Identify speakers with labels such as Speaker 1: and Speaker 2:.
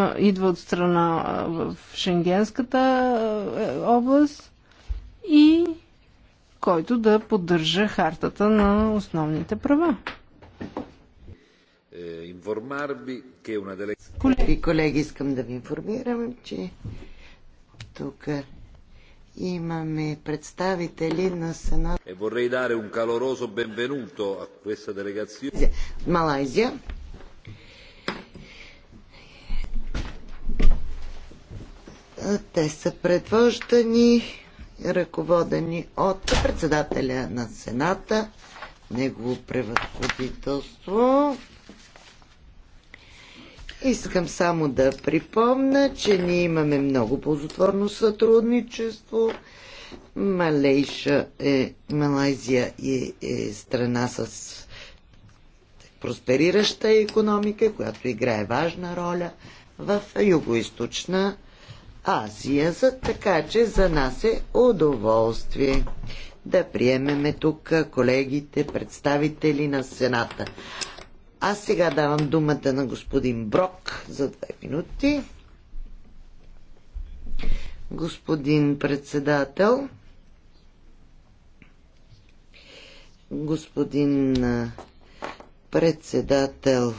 Speaker 1: има, идва от страна в Шенгенската е, област и който да поддържа хартата на основните
Speaker 2: права.
Speaker 3: Е, е колеги,
Speaker 2: колеги, искам да ви информирам, че тук имаме представители на Сенат. Малайзия. Те са предвождани, ръководени от председателя на Сената, негово превъзходителство. Искам само да припомна, че ние имаме много ползотворно сътрудничество. Малейша е, Малайзия е, е страна с просперираща економика, която играе важна роля в югоизточна Азия, за, така че за нас е удоволствие да приемеме тук колегите, представители на Сената. Аз сега давам думата на господин Брок за две минути. Господин председател, господин председател